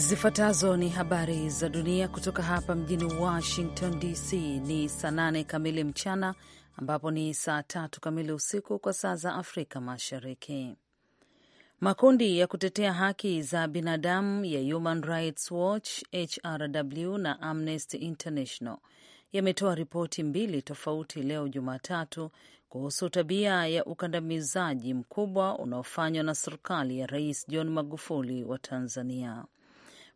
Zifuatazo ni habari za dunia kutoka hapa mjini Washington DC. Ni saa nane kamili mchana, ambapo ni saa tatu kamili usiku kwa saa za Afrika Mashariki. Makundi ya kutetea haki za binadamu ya Human Rights Watch, HRW na Amnesty International yametoa ripoti mbili tofauti leo Jumatatu kuhusu tabia ya ukandamizaji mkubwa unaofanywa na serikali ya Rais John Magufuli wa Tanzania.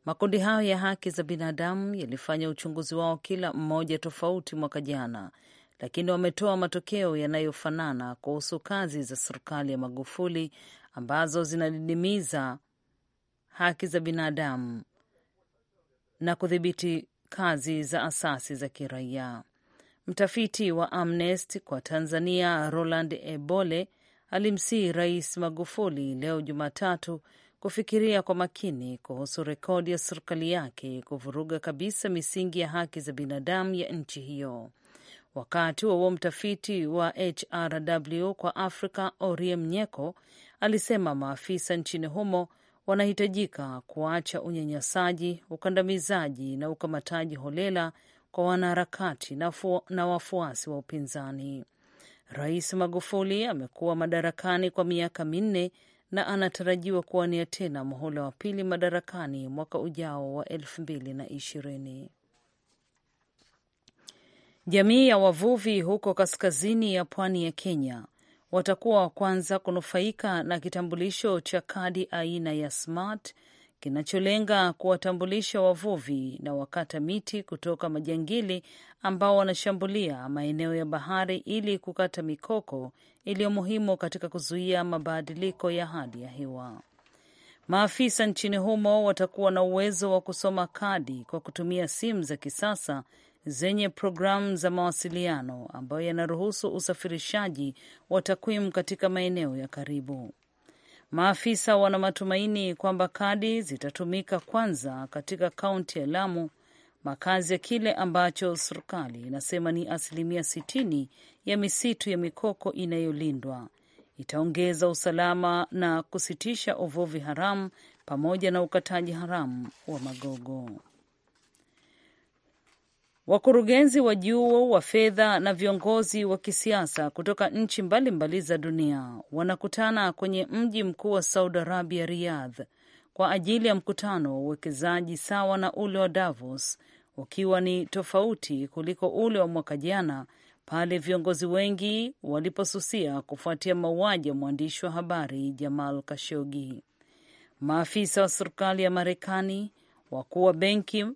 Makundi hayo ya haki za binadamu yalifanya uchunguzi wao kila mmoja tofauti mwaka jana, lakini wametoa matokeo yanayofanana kuhusu kazi za serikali ya Magufuli ambazo zinadidimiza haki za binadamu na kudhibiti kazi za asasi za kiraia. Mtafiti wa Amnesty kwa Tanzania Roland Ebole alimsihi Rais Magufuli leo Jumatatu kufikiria kwa makini kuhusu rekodi ya serikali yake kuvuruga kabisa misingi ya haki za binadamu ya nchi hiyo. Wakati wa huo mtafiti wa HRW kwa Afrika Orie Mnyeko alisema maafisa nchini humo wanahitajika kuacha unyanyasaji, ukandamizaji na ukamataji holela kwa wanaharakati na, na wafuasi wa upinzani. Rais Magufuli amekuwa madarakani kwa miaka minne na anatarajiwa kuwania tena muhula wa pili madarakani mwaka ujao wa elfu mbili na ishirini. Jamii ya wavuvi huko kaskazini ya pwani ya Kenya watakuwa wa kwanza kunufaika na kitambulisho cha kadi aina ya smart kinacholenga kuwatambulisha wavuvi na wakata miti kutoka majangili ambao wanashambulia maeneo ya bahari ili kukata mikoko iliyo muhimu katika kuzuia mabadiliko ya hali ya hewa. Maafisa nchini humo watakuwa na uwezo wa kusoma kadi kwa kutumia simu za kisasa zenye programu za mawasiliano ambayo yanaruhusu usafirishaji wa takwimu katika maeneo ya karibu. Maafisa wana matumaini kwamba kadi zitatumika kwanza katika kaunti ya Lamu, makazi ya kile ambacho serikali inasema ni asilimia sitini ya misitu ya mikoko inayolindwa. Itaongeza usalama na kusitisha uvuvi haramu pamoja na ukataji haramu wa magogo. Wakurugenzi wa juu wa fedha na viongozi wa kisiasa kutoka nchi mbalimbali za dunia wanakutana kwenye mji mkuu wa Saudi Arabia, Riyadh, kwa ajili ya mkutano wa uwekezaji sawa na ule wa Davos, ukiwa ni tofauti kuliko ule wa mwaka jana pale viongozi wengi waliposusia kufuatia mauaji ya mwandishi wa habari Jamal Kashogi. Maafisa wa serikali ya Marekani, wakuu wa benki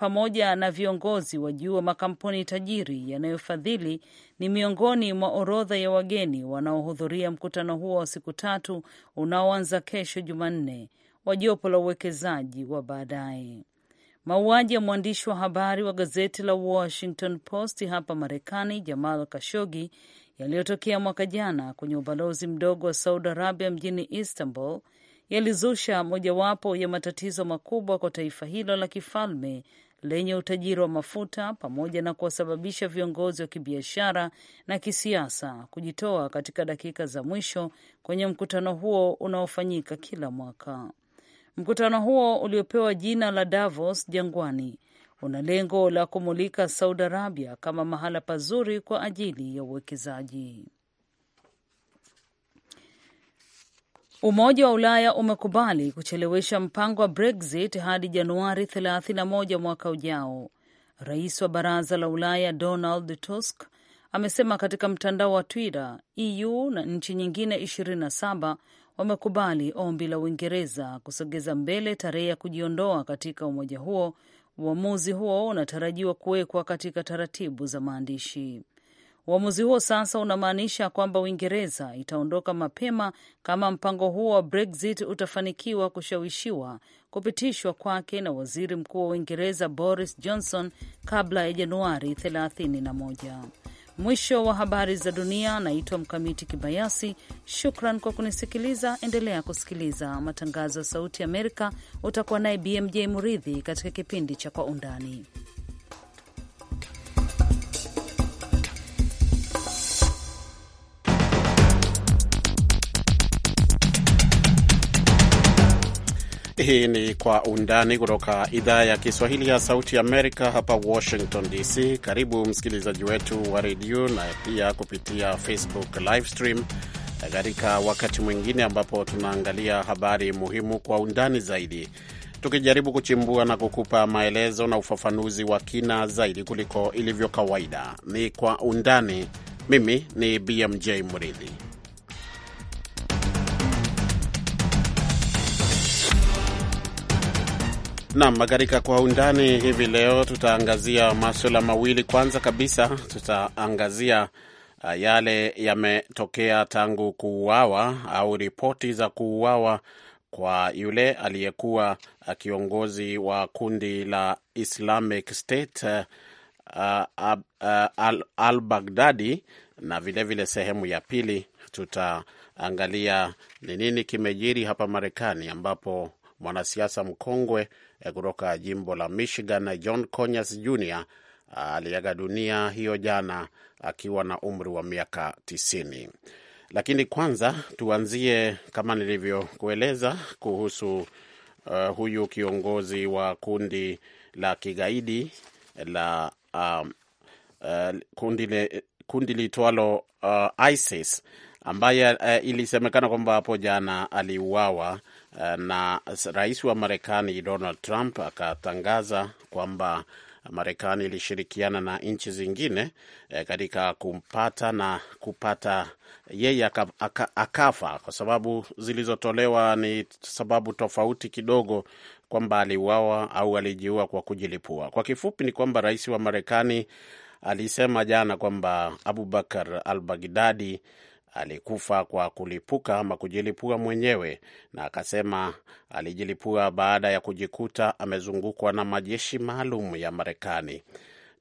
pamoja na viongozi wa juu wa makampuni tajiri yanayofadhili ni miongoni mwa orodha ya wageni wanaohudhuria mkutano huo wa siku tatu unaoanza kesho Jumanne wa jopo la uwekezaji wa baadaye. Mauaji ya mwandishi wa habari wa gazeti la Washington Post hapa Marekani, Jamal Kashogi, yaliyotokea mwaka jana kwenye ubalozi mdogo wa Saudi Arabia mjini Istanbul yalizusha mojawapo ya matatizo makubwa kwa taifa hilo la kifalme lenye utajiri wa mafuta pamoja na kuwasababisha viongozi wa kibiashara na kisiasa kujitoa katika dakika za mwisho kwenye mkutano huo unaofanyika kila mwaka. Mkutano huo uliopewa jina la Davos jangwani una lengo la kumulika Saudi Arabia kama mahala pazuri kwa ajili ya uwekezaji. Umoja wa Ulaya umekubali kuchelewesha mpango wa Brexit hadi Januari 31 mwaka ujao. Rais wa Baraza la Ulaya Donald Tusk amesema katika mtandao wa Twitter, EU na nchi nyingine 27 wamekubali ombi la Uingereza kusogeza mbele tarehe ya kujiondoa katika umoja huo. Uamuzi huo unatarajiwa kuwekwa katika taratibu za maandishi. Uamuzi huo sasa unamaanisha kwamba Uingereza itaondoka mapema kama mpango huo wa Brexit utafanikiwa kushawishiwa kupitishwa kwake na waziri mkuu wa Uingereza Boris Johnson kabla ya Januari 31. Mwisho wa habari za dunia. Naitwa Mkamiti Kibayasi. Shukran kwa kunisikiliza. Endelea kusikiliza matangazo ya Sauti Amerika. Utakuwa naye BMJ Muridhi katika kipindi cha Kwa Undani. Hii ni Kwa Undani kutoka idhaa ya Kiswahili ya Sauti Amerika hapa Washington DC. Karibu msikilizaji wetu wa redio na pia kupitia Facebook live stream eh, katika wakati mwingine ambapo tunaangalia habari muhimu kwa undani zaidi, tukijaribu kuchimbua na kukupa maelezo na ufafanuzi wa kina zaidi kuliko ilivyo kawaida. Ni Kwa Undani. Mimi ni BMJ Mridhi. Nam, katika kwa undani hivi leo tutaangazia maswala mawili. Kwanza kabisa tutaangazia uh, yale yametokea tangu kuuawa au ripoti za kuuawa kwa yule aliyekuwa uh, kiongozi wa kundi la Islamic State uh, uh, uh, al-Baghdadi na vilevile vile sehemu ya pili tutaangalia ni nini kimejiri hapa Marekani ambapo mwanasiasa mkongwe kutoka jimbo la Michigan, John Conyers Jr aliaga dunia hiyo jana akiwa na umri wa miaka tisini. Lakini kwanza tuanzie kama nilivyokueleza kuhusu uh, huyu kiongozi wa kundi la kigaidi la um, uh, kundi liitwalo uh, ISIS ambaye uh, ilisemekana kwamba hapo jana aliuawa na rais wa Marekani Donald Trump akatangaza kwamba Marekani ilishirikiana na nchi zingine e, katika kumpata na kupata yeye aka, aka, akafa kwa sababu zilizotolewa ni sababu tofauti kidogo, kwamba aliuawa au alijiua kwa kujilipua. Kwa kifupi ni kwamba rais wa Marekani alisema jana kwamba Abubakar al-Baghdadi alikufa kwa kulipuka ama kujilipua mwenyewe, na akasema alijilipua baada ya kujikuta amezungukwa na majeshi maalum ya Marekani.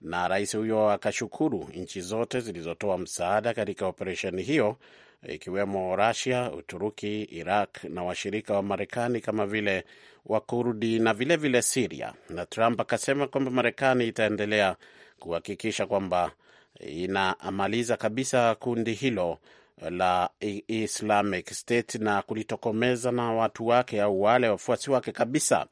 Na rais huyo akashukuru nchi zote zilizotoa msaada katika operesheni hiyo ikiwemo Rasia, Uturuki, Iraq na washirika wa Marekani kama vile Wakurdi na vilevile vile Siria. Na Trump akasema kwamba Marekani itaendelea kuhakikisha kwamba inamaliza kabisa kundi hilo la Islamic State na kulitokomeza na watu wake au wale wafuasi wake kabisa.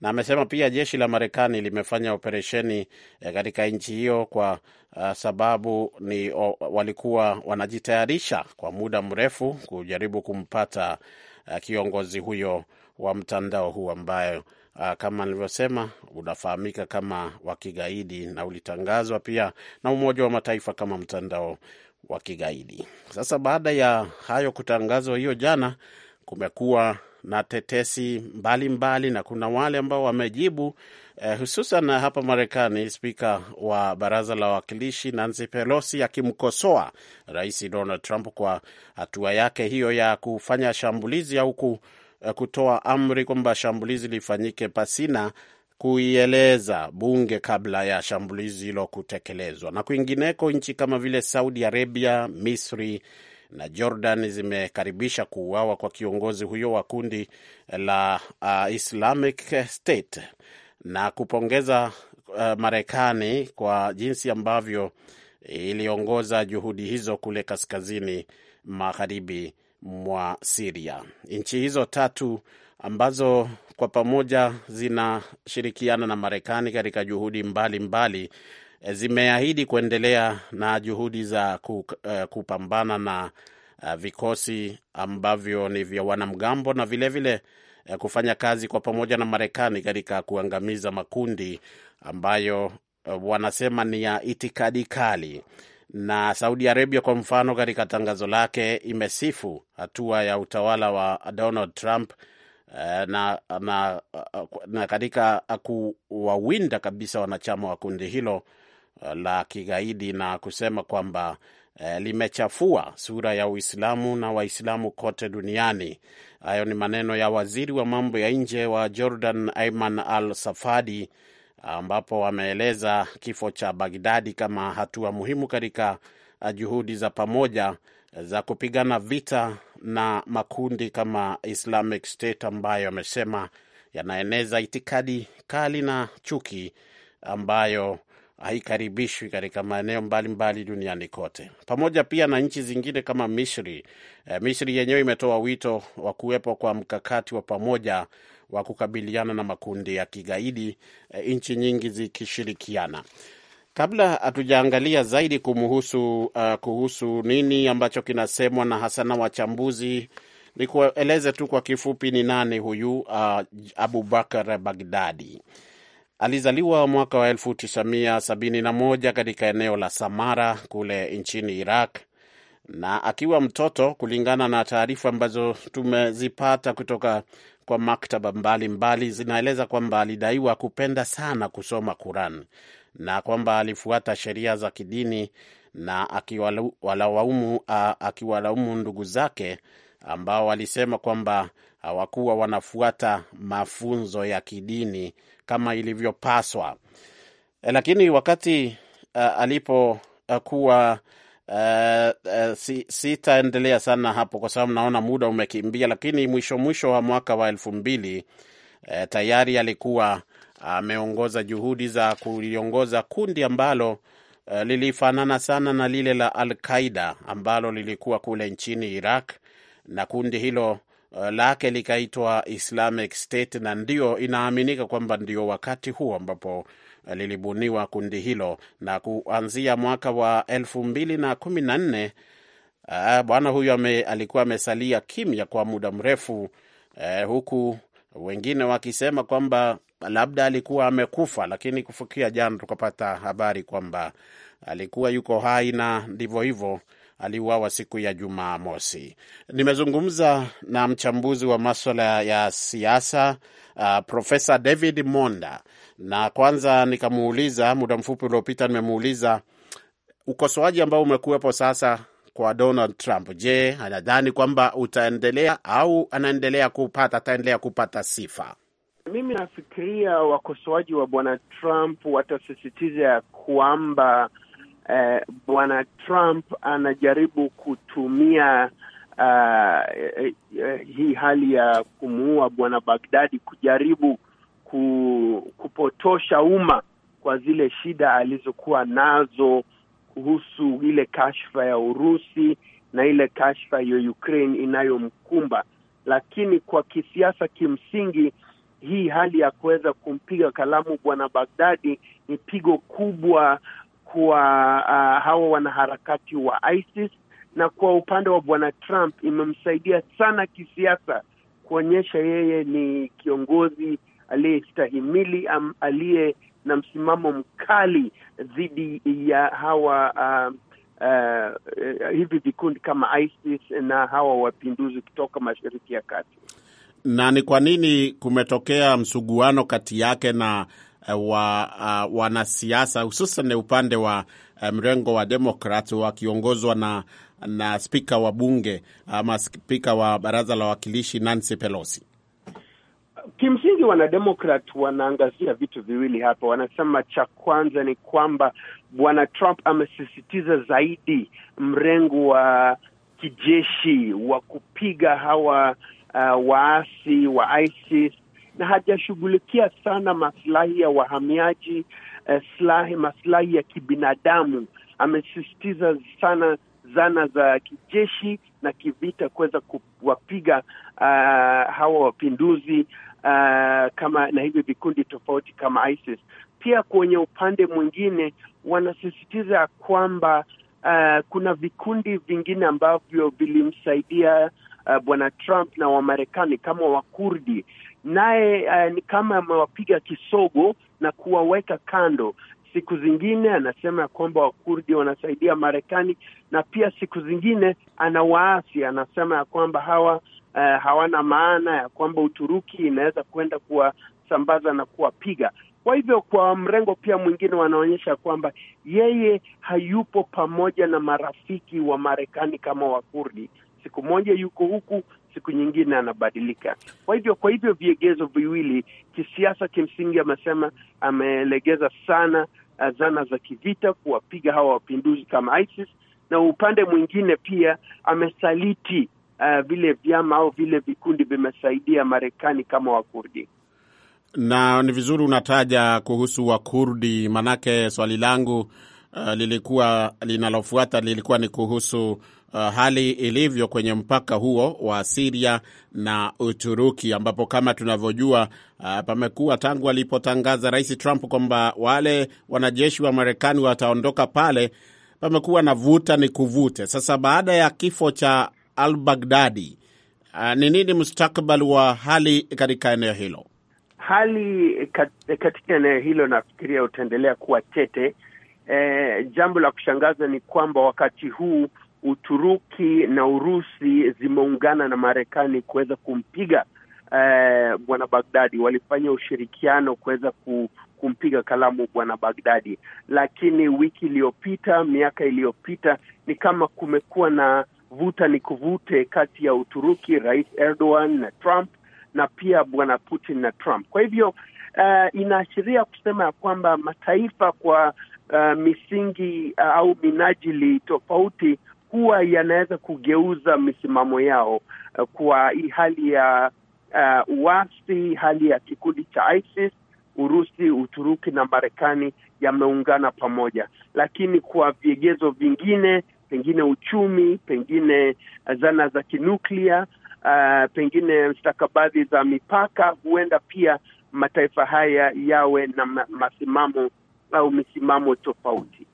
Na amesema pia jeshi la Marekani limefanya operesheni eh, katika nchi hiyo kwa uh, sababu ni o, walikuwa wanajitayarisha kwa muda mrefu kujaribu kumpata uh, kiongozi huyo wa mtandao huu ambayo uh, kama nilivyosema unafahamika kama wa kigaidi na ulitangazwa pia na Umoja wa Mataifa kama mtandao wa kigaidi. Sasa baada ya hayo kutangazwa hiyo jana, kumekuwa na tetesi mbalimbali mbali, na kuna wale ambao wamejibu eh, hususan hapa Marekani, spika wa baraza la wawakilishi Nancy Pelosi akimkosoa rais Donald Trump kwa hatua yake hiyo ya kufanya shambulizi au eh, kutoa amri kwamba shambulizi lifanyike pasina kuieleza bunge kabla ya shambulizi hilo kutekelezwa. Na kwingineko, nchi kama vile Saudi Arabia, Misri na Jordan zimekaribisha kuuawa kwa kiongozi huyo wa kundi la uh, Islamic State na kupongeza uh, Marekani kwa jinsi ambavyo iliongoza juhudi hizo kule kaskazini magharibi mwa Siria. Nchi hizo tatu ambazo kwa pamoja zinashirikiana na Marekani katika juhudi mbalimbali mbali, eh, zimeahidi kuendelea na juhudi za eh, kupambana na eh, vikosi ambavyo ni vya wanamgambo na vilevile vile kufanya kazi kwa pamoja na Marekani katika kuangamiza makundi ambayo wanasema ni ya itikadi kali. Na Saudi Arabia, kwa mfano, katika tangazo lake imesifu hatua ya utawala wa Donald Trump Eh, na, na, na katika kuwawinda kabisa wanachama wa kundi hilo eh, la kigaidi na kusema kwamba eh, limechafua sura ya Uislamu na Waislamu kote duniani. Hayo ni maneno ya waziri wa mambo ya nje wa Jordan Ayman al-Safadi, ambapo wameeleza kifo cha Bagdadi kama hatua muhimu katika eh, juhudi za pamoja za kupigana vita na makundi kama Islamic State ambayo amesema yanaeneza itikadi kali na chuki ambayo haikaribishwi katika maeneo mbalimbali duniani kote, pamoja pia na nchi zingine kama Misri. E, Misri yenyewe imetoa wito wa kuwepo kwa mkakati wa pamoja wa kukabiliana na makundi ya kigaidi, e, nchi nyingi zikishirikiana. Kabla hatujaangalia zaidi kumuhusu, uh, kuhusu nini ambacho kinasemwa na hasa na wachambuzi, nikueleze tu kwa kifupi ni nani huyu uh, Abubakar Bagdadi. Alizaliwa mwaka wa 1971 katika eneo la Samara kule nchini Iraq, na akiwa mtoto, kulingana na taarifa ambazo tumezipata kutoka kwa maktaba mbalimbali zinaeleza kwamba alidaiwa kupenda sana kusoma Quran na kwamba alifuata sheria za kidini na akiwalaumu akiwalaumu ndugu zake ambao walisema kwamba hawakuwa wanafuata mafunzo ya kidini kama ilivyopaswa. Eh, lakini wakati uh, alipokuwa uh, uh, si, sitaendelea sana hapo kwa sababu naona muda umekimbia, lakini mwisho mwisho wa mwaka wa elfu mbili uh, tayari alikuwa ameongoza juhudi za kuliongoza kundi ambalo uh, lilifanana sana na lile la Al Qaida ambalo lilikuwa kule nchini Iraq na kundi hilo uh, lake likaitwa Islamic State, na ndio inaaminika kwamba ndio wakati huo ambapo uh, lilibuniwa kundi hilo, na kuanzia mwaka wa elfu mbili na kumi na nne uh, bwana huyu ame, alikuwa amesalia kimya kwa muda mrefu uh, huku wengine wakisema kwamba labda alikuwa amekufa, lakini kufikia jana tukapata habari kwamba alikuwa yuko hai na ndivyo hivyo aliuawa siku ya Jumamosi. Nimezungumza na mchambuzi wa maswala ya siasa uh, Profesa David Monda, na kwanza nikamuuliza muda mfupi uliopita, nimemuuliza ukosoaji ambao umekuwepo sasa kwa Donald Trump. Je, anadhani kwamba utaendelea au anaendelea kupata ataendelea kupata sifa? Mimi nafikiria wakosoaji wa bwana Trump watasisitiza ya kwamba eh, bwana Trump anajaribu kutumia uh, eh, eh, hii hali ya kumuua bwana Bagdadi kujaribu ku, kupotosha umma kwa zile shida alizokuwa nazo kuhusu ile kashfa ya Urusi na ile kashfa ya Ukraine inayomkumba, lakini kwa kisiasa kimsingi hii hali ya kuweza kumpiga kalamu bwana bagdadi ni pigo kubwa kwa uh, hawa wanaharakati wa ISIS, na kwa upande wa bwana Trump imemsaidia sana kisiasa kuonyesha yeye ni kiongozi aliyestahimili, aliye na msimamo mkali dhidi ya hawa uh, uh, hivi vikundi kama ISIS na hawa wapinduzi kutoka Mashariki ya Kati na ni kwa nini kumetokea msuguano kati yake na eh, wa, ah, wanasiasa hususan upande wa eh, mrengo wa Demokrat wakiongozwa na, na spika wa bunge ama spika wa baraza la wawakilishi Nancy Pelosi. Kimsingi wanademokrat wanaangazia vitu viwili hapa. Wanasema cha kwanza ni kwamba bwana Trump amesisitiza zaidi mrengo wa kijeshi wa kupiga hawa uh, waasi wa ISIS na hajashughulikia sana maslahi ya wahamiaji uh, slahi maslahi ya kibinadamu. Amesisitiza sana zana za kijeshi na kivita kuweza kuwapiga uh, hawa wapinduzi uh, kama na hivi vikundi tofauti kama ISIS. Pia kwenye upande mwingine wanasisitiza kwamba uh, kuna vikundi vingine ambavyo vilimsaidia uh, bwana Trump na Wamarekani kama Wakurdi, naye uh, ni kama amewapiga kisogo na kuwaweka kando. Siku zingine anasema ya kwamba Wakurdi wanasaidia Marekani, na pia siku zingine ana waasi anasema ya kwamba hawa uh, hawana maana, ya kwamba Uturuki inaweza kwenda kuwasambaza na kuwapiga. Kwa hivyo kwa mrengo pia mwingine wanaonyesha kwamba yeye hayupo pamoja na marafiki wa Marekani kama Wakurdi, siku moja yuko huku, siku nyingine anabadilika. Kwa hivyo kwa hivyo viegezo viwili kisiasa, kimsingi amesema amelegeza sana uh, zana za kivita kuwapiga hawa wapinduzi kama ISIS, na upande mwingine pia amesaliti uh, vile vyama au vile vikundi vimesaidia Marekani kama Wakurdi na ni vizuri unataja kuhusu Wakurdi, manake swali langu uh, lilikuwa linalofuata lilikuwa ni kuhusu uh, hali ilivyo kwenye mpaka huo wa Siria na Uturuki, ambapo kama tunavyojua uh, pamekuwa tangu alipotangaza Rais Trump kwamba wale wanajeshi wa Marekani wataondoka pale, pamekuwa na vuta ni kuvute. Sasa baada ya kifo cha al Baghdadi, uh, ni uh, nini mstakbal wa hali katika eneo hilo? Hali kat, katika eneo hilo nafikiria utaendelea kuwa tete. E, jambo la kushangaza ni kwamba wakati huu Uturuki na Urusi zimeungana na Marekani kuweza kumpiga eh, bwana Bagdadi. Walifanya ushirikiano kuweza ku, kumpiga kalamu bwana Bagdadi, lakini wiki iliyopita, miaka iliyopita, ni kama kumekuwa na vuta ni kuvute kati ya Uturuki, Rais Erdogan na Trump na pia bwana Putin na Trump. Kwa hivyo uh, inaashiria kusema ya kwamba mataifa kwa uh, misingi uh, au minajili tofauti huwa yanaweza kugeuza misimamo yao uh, eh, kwa hali ya uh, uasi, hali ya kikundi cha ISIS. Urusi, Uturuki na Marekani yameungana pamoja, lakini kwa vigezo vingine, pengine uchumi, pengine eh, zana za kinuklia uh, pengine stakabadhi za mipaka, huenda pia mataifa haya yawe na masimamo au misimamo tofauti.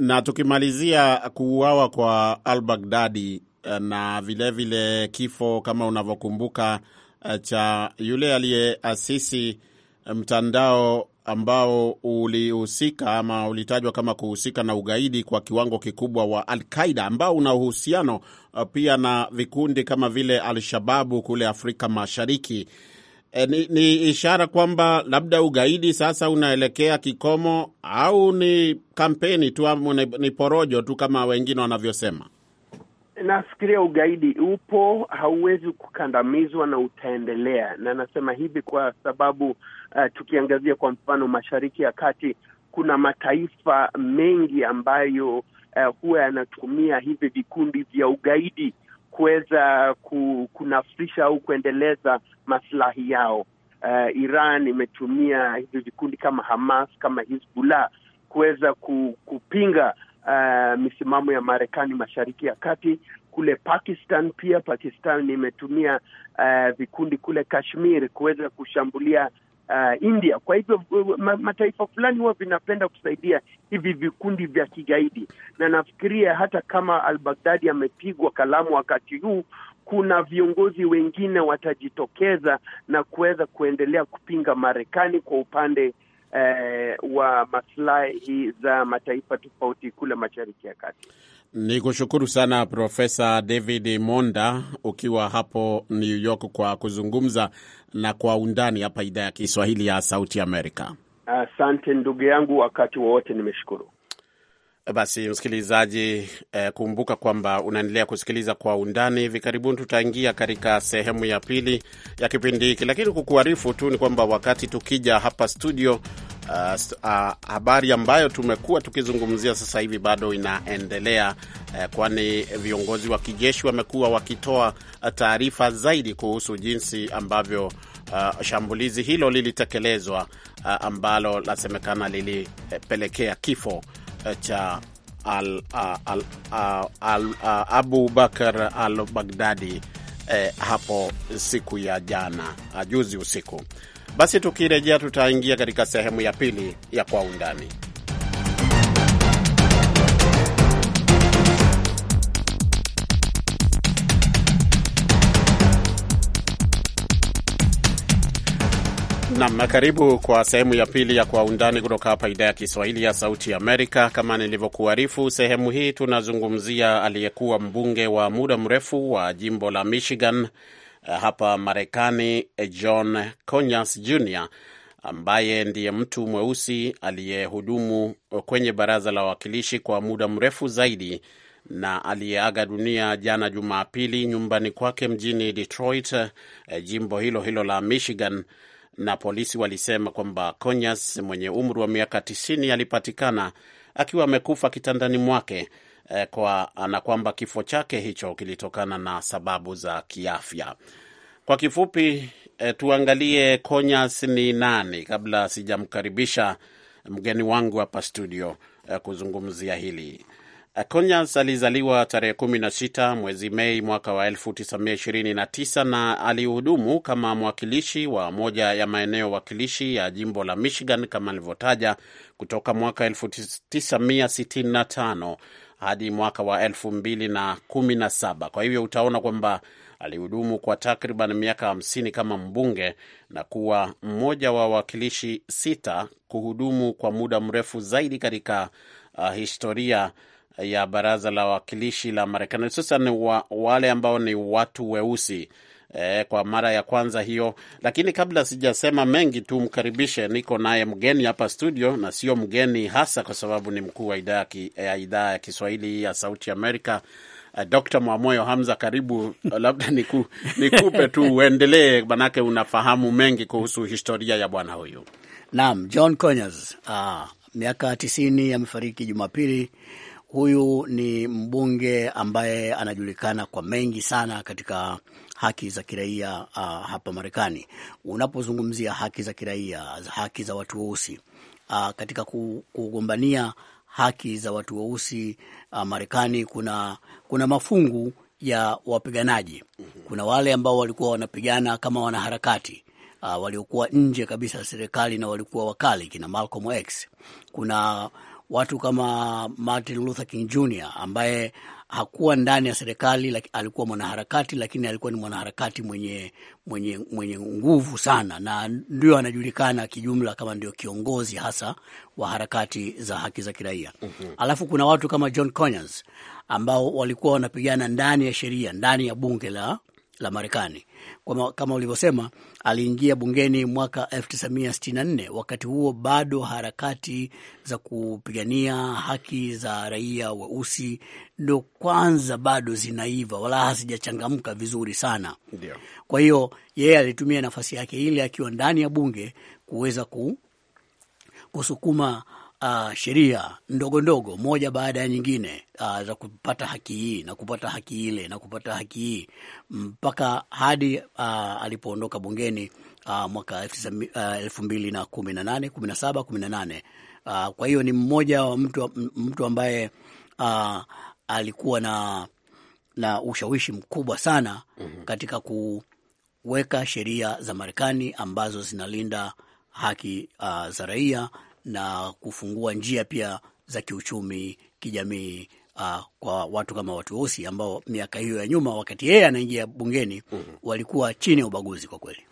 Na tukimalizia kuuawa kwa al Baghdadi eh, na vilevile vile kifo kama unavyokumbuka eh, cha yule aliyeasisi eh, mtandao ambao ulihusika ama ulitajwa kama kuhusika na ugaidi kwa kiwango kikubwa wa Al Qaida ambao una uhusiano pia na vikundi kama vile Al Shababu kule Afrika Mashariki. E, ni, ni ishara kwamba labda ugaidi sasa unaelekea kikomo au ni kampeni tu au ni, ni porojo tu kama wengine wanavyosema? Nafikiria ugaidi upo, hauwezi kukandamizwa na utaendelea, na nasema hivi kwa sababu uh, tukiangazia kwa mfano Mashariki ya Kati kuna mataifa mengi ambayo uh, huwa yanatumia hivi vikundi vya ugaidi kuweza kunafsisha au kuendeleza maslahi yao. Uh, Iran imetumia hivi vikundi kama Hamas kama Hizbullah kuweza kupinga uh, misimamo ya Marekani mashariki ya kati. Kule Pakistan pia, Pakistan imetumia uh, vikundi kule Kashmir kuweza kushambulia uh, India. Kwa hivyo uh, uh, mataifa fulani huwa vinapenda kusaidia hivi vikundi vya kigaidi, na nafikiria hata kama al-Baghdadi amepigwa kalamu wakati huu kuna viongozi wengine watajitokeza na kuweza kuendelea kupinga Marekani kwa upande uh, wa maslahi za mataifa tofauti kule Mashariki ya Kati. Ni kushukuru sana Profesa David Monda ukiwa hapo New York kwa kuzungumza na kwa undani hapa idhaa ya Kiswahili ya Sauti Amerika. Asante uh, ndugu yangu, wakati wowote nimeshukuru. Basi msikilizaji, eh, kumbuka kwamba unaendelea kusikiliza kwa undani. Hivi karibuni tutaingia katika sehemu ya pili ya kipindi hiki, lakini kukuarifu tu ni kwamba wakati tukija hapa studio Uh, uh, habari ambayo tumekuwa tukizungumzia sasa hivi bado inaendelea uh, kwani viongozi wa kijeshi wamekuwa wakitoa uh, taarifa zaidi kuhusu jinsi ambavyo uh, shambulizi hilo lilitekelezwa uh, ambalo lasemekana lilipelekea kifo uh, cha al, uh, al, uh, al, al, al, Abu Bakar al Baghdadi uh, eh, hapo siku ya jana juzi usiku. Basi tukirejea, tutaingia katika sehemu ya pili ya kwa undani. Nam, karibu kwa sehemu ya pili ya kwa undani kutoka hapa idhaa ya Kiswahili ya Sauti ya Amerika. Kama nilivyokuarifu, sehemu hii tunazungumzia aliyekuwa mbunge wa muda mrefu wa jimbo la Michigan Eh, hapa Marekani, eh, John Conyers Jr ambaye ndiye mtu mweusi aliyehudumu eh, kwenye baraza la wawakilishi kwa muda mrefu zaidi na aliyeaga dunia jana Jumapili nyumbani kwake mjini Detroit, jimbo hilo hilo la Michigan. Na polisi walisema kwamba Conyers mwenye umri wa miaka 90 alipatikana akiwa amekufa kitandani mwake eh, kwa, na kwamba kifo chake hicho kilitokana na sababu za kiafya. Kwa kifupi eh, tuangalie Konyas ni nani kabla sijamkaribisha mgeni wangu hapa studio eh, kuzungumzia hili. Konyas eh, alizaliwa tarehe 16 mwezi Mei mwaka wa 1929 na alihudumu kama mwakilishi wa moja ya maeneo wakilishi ya jimbo la Michigan kama alivyotaja, kutoka mwaka 1965 hadi mwaka wa elfu mbili na kumi na saba. Kwa hivyo utaona kwamba alihudumu kwa takriban miaka hamsini kama mbunge na kuwa mmoja wa wawakilishi sita kuhudumu kwa muda mrefu zaidi katika uh, historia ya baraza la wawakilishi la Marekani, hususan wa, wale ambao ni watu weusi eh, kwa mara ya kwanza hiyo. Lakini kabla sijasema mengi, tu mkaribishe, niko naye mgeni hapa studio, na sio mgeni hasa kwa sababu ni mkuu wa idhaa ya eh, idhaa ya Kiswahili ya Sauti Amerika. Uh, eh, Dr. Mwamoyo Hamza, karibu. Labda niku, nikupe tu uendelee, manake unafahamu mengi kuhusu historia ya bwana huyu. Naam, John Conyers ah, miaka tisini amefariki Jumapili. Huyu ni mbunge ambaye anajulikana kwa mengi sana katika haki za kiraia uh, hapa Marekani. Unapozungumzia haki za kiraia, haki za watu weusi uh, katika kugombania haki za watu weusi uh, Marekani kuna, kuna mafungu ya wapiganaji. Mhm. Kuna wale ambao walikuwa wanapigana kama wanaharakati uh, waliokuwa nje kabisa ya serikali na walikuwa wakali, kina Malcolm X. Kuna watu kama Martin Luther King Jr ambaye hakuwa ndani ya serikali alikuwa mwanaharakati lakini alikuwa ni mwanaharakati mwenye, mwenye, mwenye nguvu sana, na ndio anajulikana kijumla kama ndio kiongozi hasa wa harakati za haki za kiraia mm -hmm. Alafu kuna watu kama John Conyers ambao walikuwa wanapigana ndani ya sheria ndani ya bunge la la Marekani. Kama ulivyosema, aliingia bungeni mwaka 1964. Wakati huo bado harakati za kupigania haki za raia weusi ndo kwanza bado zinaiva, wala hazijachangamka vizuri sana. Ndiyo. Kwa hiyo yeye alitumia nafasi yake ile akiwa ndani ya bunge kuweza ku, kusukuma uh, sheria ndogo ndogo moja baada ya nyingine uh, za kupata haki hii na kupata haki ile na kupata haki hii mpaka hadi uh, alipoondoka bungeni uh, mwaka elfu mbili na kumi na nane kumi na saba kumi na nane. Uh, kwa hiyo ni mmoja wa mtu, mtu ambaye uh, alikuwa na, na ushawishi mkubwa sana mm -hmm. katika kuweka sheria za Marekani ambazo zinalinda haki uh, za raia na kufungua njia pia za kiuchumi, kijamii Uh, kwa watu kama watu weusi ambao miaka hiyo ya nyuma wakati yeye anaingia bungeni mm -hmm. walikuwa chini ya ubaguzi kwa kweli.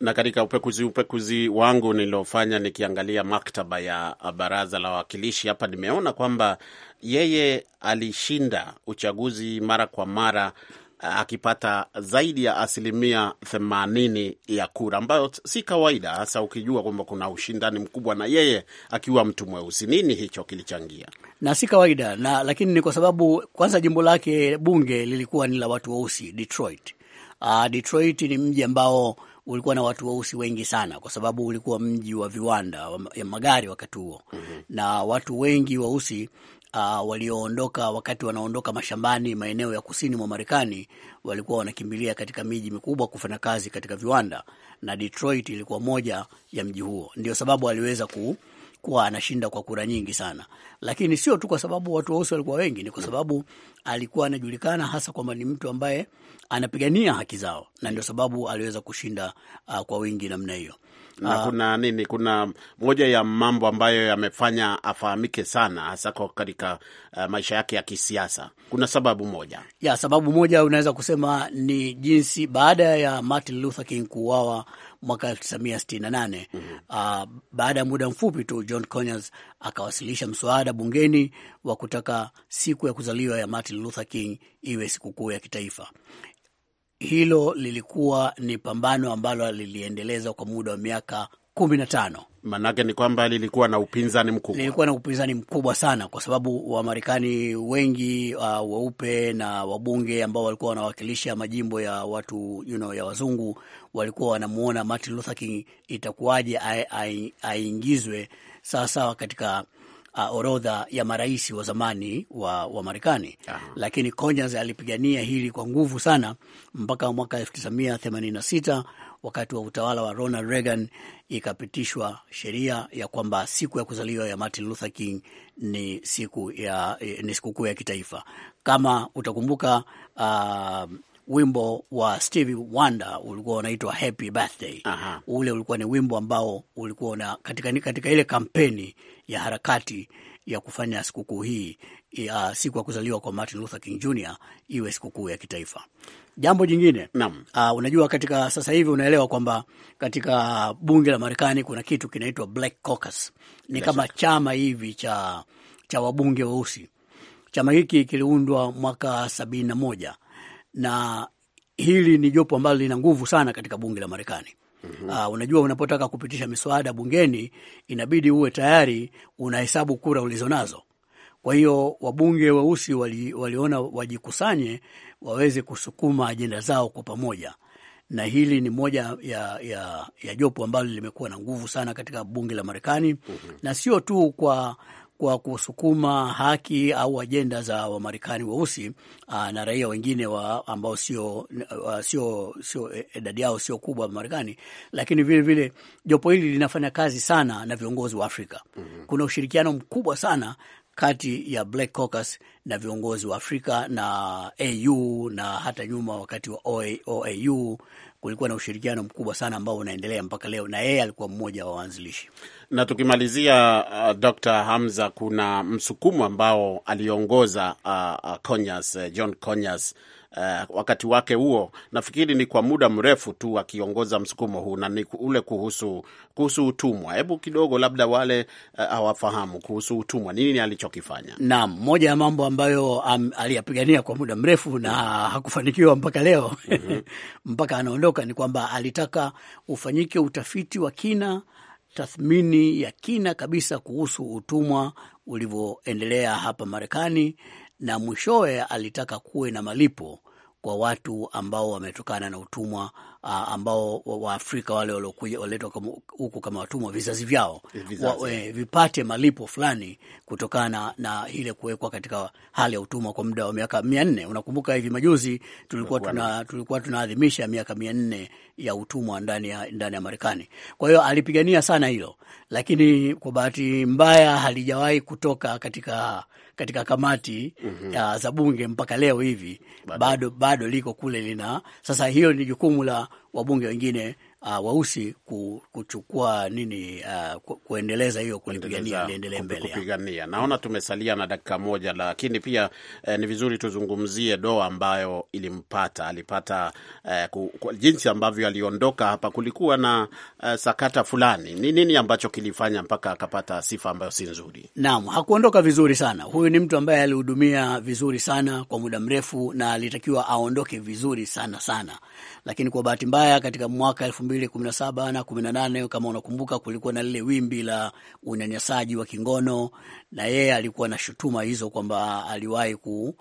Na katika upekuzi upekuzi wangu niliofanya nikiangalia maktaba ya Baraza la Wawakilishi hapa, nimeona kwamba yeye alishinda uchaguzi mara kwa mara akipata zaidi ya asilimia themanini ya kura, ambayo si kawaida, hasa ukijua kwamba kuna ushindani mkubwa na yeye akiwa mtu mweusi. Nini hicho kilichangia? Na si kawaida na, lakini ni kwa sababu kwanza jimbo lake bunge lilikuwa ni la watu weusi Detroit. Uh, Detroit ni mji ambao ulikuwa na watu weusi wengi sana, kwa sababu ulikuwa mji wa viwanda ya magari wakati huo, mm -hmm. na watu wengi weusi uh, walioondoka wakati wanaondoka mashambani maeneo ya kusini mwa Marekani walikuwa wanakimbilia katika miji mikubwa kufanya kazi katika viwanda, na Detroit ilikuwa moja ya mji huo. Ndio sababu aliweza ku kuwa anashinda kwa kura nyingi sana, lakini sio tu kwa sababu watu weusi walikuwa wengi, ni kwa sababu alikuwa anajulikana hasa kwamba ni mtu ambaye anapigania haki zao, na ndio sababu aliweza kushinda uh, kwa wingi namna hiyo na ah. kuna nini, kuna moja ya mambo ambayo yamefanya afahamike sana, hasa katika uh, maisha yake ya kisiasa. Kuna sababu moja ya sababu moja unaweza kusema ni jinsi baada ya Martin Luther King kuuawa mwaka 1968 mm -hmm. uh, baada ya muda mfupi tu John Conyers akawasilisha mswada bungeni wa kutaka siku ya kuzaliwa ya Martin Luther King iwe sikukuu ya kitaifa hilo lilikuwa ni pambano ambalo liliendelezwa kwa muda wa miaka kumi na tano. Maanake ni kwamba lilikuwa na upinzani mkubwa, lilikuwa na upinzani mkubwa sana, kwa sababu Wamarekani wengi uh, weupe na wabunge ambao walikuwa wanawakilisha majimbo ya watu you know, ya wazungu walikuwa wanamwona Martin Luther King, itakuwaje aingizwe sawasawa katika uh, orodha ya marais wa zamani wa, wa Marekani, lakini Conyers alipigania hili kwa nguvu sana mpaka mwaka 1986 wakati wa utawala wa Ronald Reagan ikapitishwa sheria ya kwamba siku ya kuzaliwa ya Martin Luther King ni siku ya eh, ni sikukuu ya kitaifa. Kama utakumbuka uh, wimbo wa Stevie Wonder ulikuwa unaitwa Happy Birthday. Aha. Ule ulikuwa ni wimbo ambao ulikuwa una, katika, katika ile kampeni ya harakati ya kufanya sikukuu hii ya siku ya kuzaliwa kwa Martin Luther King Jr iwe sikukuu ya kitaifa. Jambo jingine uh, unajua katika sasa hivi unaelewa kwamba katika bunge la Marekani kuna kitu kinaitwa Black Caucus, ni kama chama hivi cha, cha wabunge weusi. Chama hiki kiliundwa mwaka sabini na moja na hili ni jopo ambalo lina nguvu sana katika bunge la Marekani Mm -hmm. Uh, unajua unapotaka kupitisha miswada bungeni inabidi uwe tayari unahesabu kura ulizonazo. Kwa hiyo wabunge weusi wali, waliona wajikusanye waweze kusukuma ajenda zao kwa pamoja, na hili ni moja ya, ya, ya jopo ambalo limekuwa na nguvu sana katika bunge la Marekani. mm -hmm. na sio tu kwa kwa kusukuma haki au ajenda za Wamarekani weusi wa ah, na raia wengine wa ambao sio sio sio eh, idadi yao sio kubwa Marekani, lakini vile vile jopo hili linafanya kazi sana na viongozi wa Afrika. mm -hmm. Kuna ushirikiano mkubwa sana kati ya Black Caucus na viongozi wa Afrika na AU na hata nyuma wakati wa OAU kulikuwa na ushirikiano mkubwa sana ambao unaendelea mpaka leo, na yeye alikuwa mmoja wa waanzilishi. Na tukimalizia, uh, Dr. Hamza, kuna msukumo ambao aliongoza uh, uh, Conyers, uh, John Conyers uh, wakati wake huo nafikiri ni kwa muda mrefu tu akiongoza msukumo huu, na ni ule kuhusu kuhusu utumwa. Hebu kidogo labda wale eh, hawafahamu uh, kuhusu utumwa, nini alichokifanya? Naam, moja ya mambo ambayo um, aliyapigania kwa muda mrefu na hakufanikiwa mpaka leo mhm. mpaka anaondoka ni kwamba alitaka ufanyike utafiti wa kina tathmini ya kina kabisa kuhusu utumwa ulivyoendelea hapa Marekani na mwishowe alitaka kuwe na malipo kwa watu ambao wametokana na utumwa uh, ambao Waafrika wa wale waliokuja waletwa huku kama watumwa, vizazi vyao eh, wa, e, vipate malipo fulani kutokana na ile kuwekwa katika hali ya utumwa kwa muda wa miaka mia nne. Unakumbuka hivi majuzi tulikuwa tuna, tulikuwa tunaadhimisha miaka mia nne ya utumwa ndani ya, ndani ya Marekani. Kwa hiyo alipigania sana hilo, lakini kwa bahati mbaya halijawahi kutoka katika katika kamati mm -hmm. za bunge mpaka leo hivi bado, bado liko kule lina. Sasa hiyo ni jukumu la wabunge wengine uh, ah, weusi kuchukua nini uh, kuendeleza hiyo kulipigania liendelee mbele kupigania. Naona mm. tumesalia na dakika moja, lakini pia eh, ni vizuri tuzungumzie doa ambayo ilimpata alipata eh, ku, ku, jinsi ambavyo aliondoka hapa. Kulikuwa na eh, sakata fulani. Ni nini ambacho kilifanya mpaka akapata sifa ambayo si nzuri? Naam, hakuondoka vizuri sana. Huyu ni mtu ambaye alihudumia vizuri sana kwa muda mrefu na alitakiwa aondoke vizuri sana sana, lakini kwa bahati mbaya katika mwaka elfu 2017 na 18, kama unakumbuka, kulikuwa na lile wimbi la unyanyasaji wa kingono, na yeye alikuwa na shutuma hizo kwamba aliwahi ku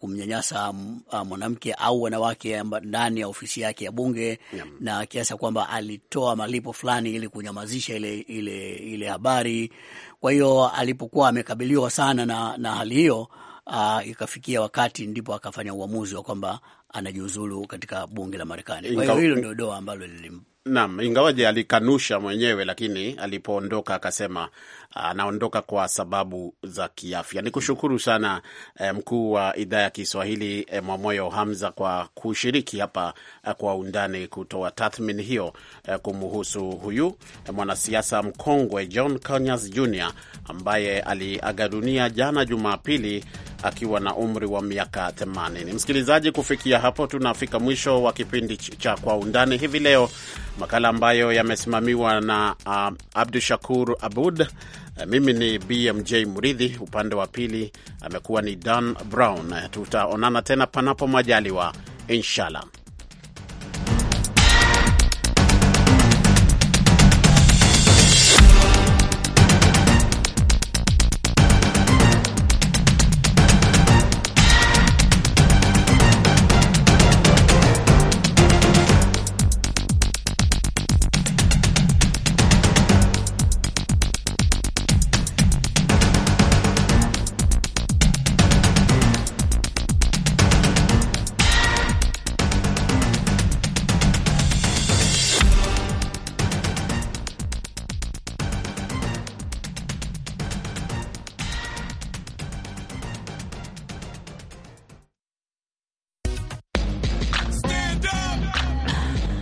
kumnyanyasa ah, mwanamke au wanawake ndani ya ofisi yake ya bunge yeah. Na kiasi kwamba alitoa malipo fulani ili kunyamazisha ile, ile, ile habari. Kwa hiyo alipokuwa amekabiliwa sana na, na hali hiyo, ah, ikafikia wakati ndipo akafanya uamuzi wa kwamba anajiuzulu katika bunge la Marekani. Kwa hiyo hilo ndio doa ambalo lilim Naam, ingawaje alikanusha mwenyewe, lakini alipoondoka akasema anaondoka kwa sababu za kiafya. Ni kushukuru sana eh, mkuu wa idhaa ya Kiswahili eh, Mwamoyo Hamza kwa kushiriki hapa eh, kwa undani kutoa tathmini hiyo eh, kumhusu huyu eh, mwanasiasa mkongwe John Conyers Jr ambaye aliaga dunia jana Jumapili akiwa na umri wa miaka 80. Msikilizaji, kufikia hapo tunafika mwisho wa kipindi cha kwa undani hivi leo makala ambayo yamesimamiwa na uh, Abdu Shakur Abud. Uh, mimi ni BMJ Muridhi, upande wa pili amekuwa ni Dan Brown. Tutaonana tena panapo majaliwa, inshallah.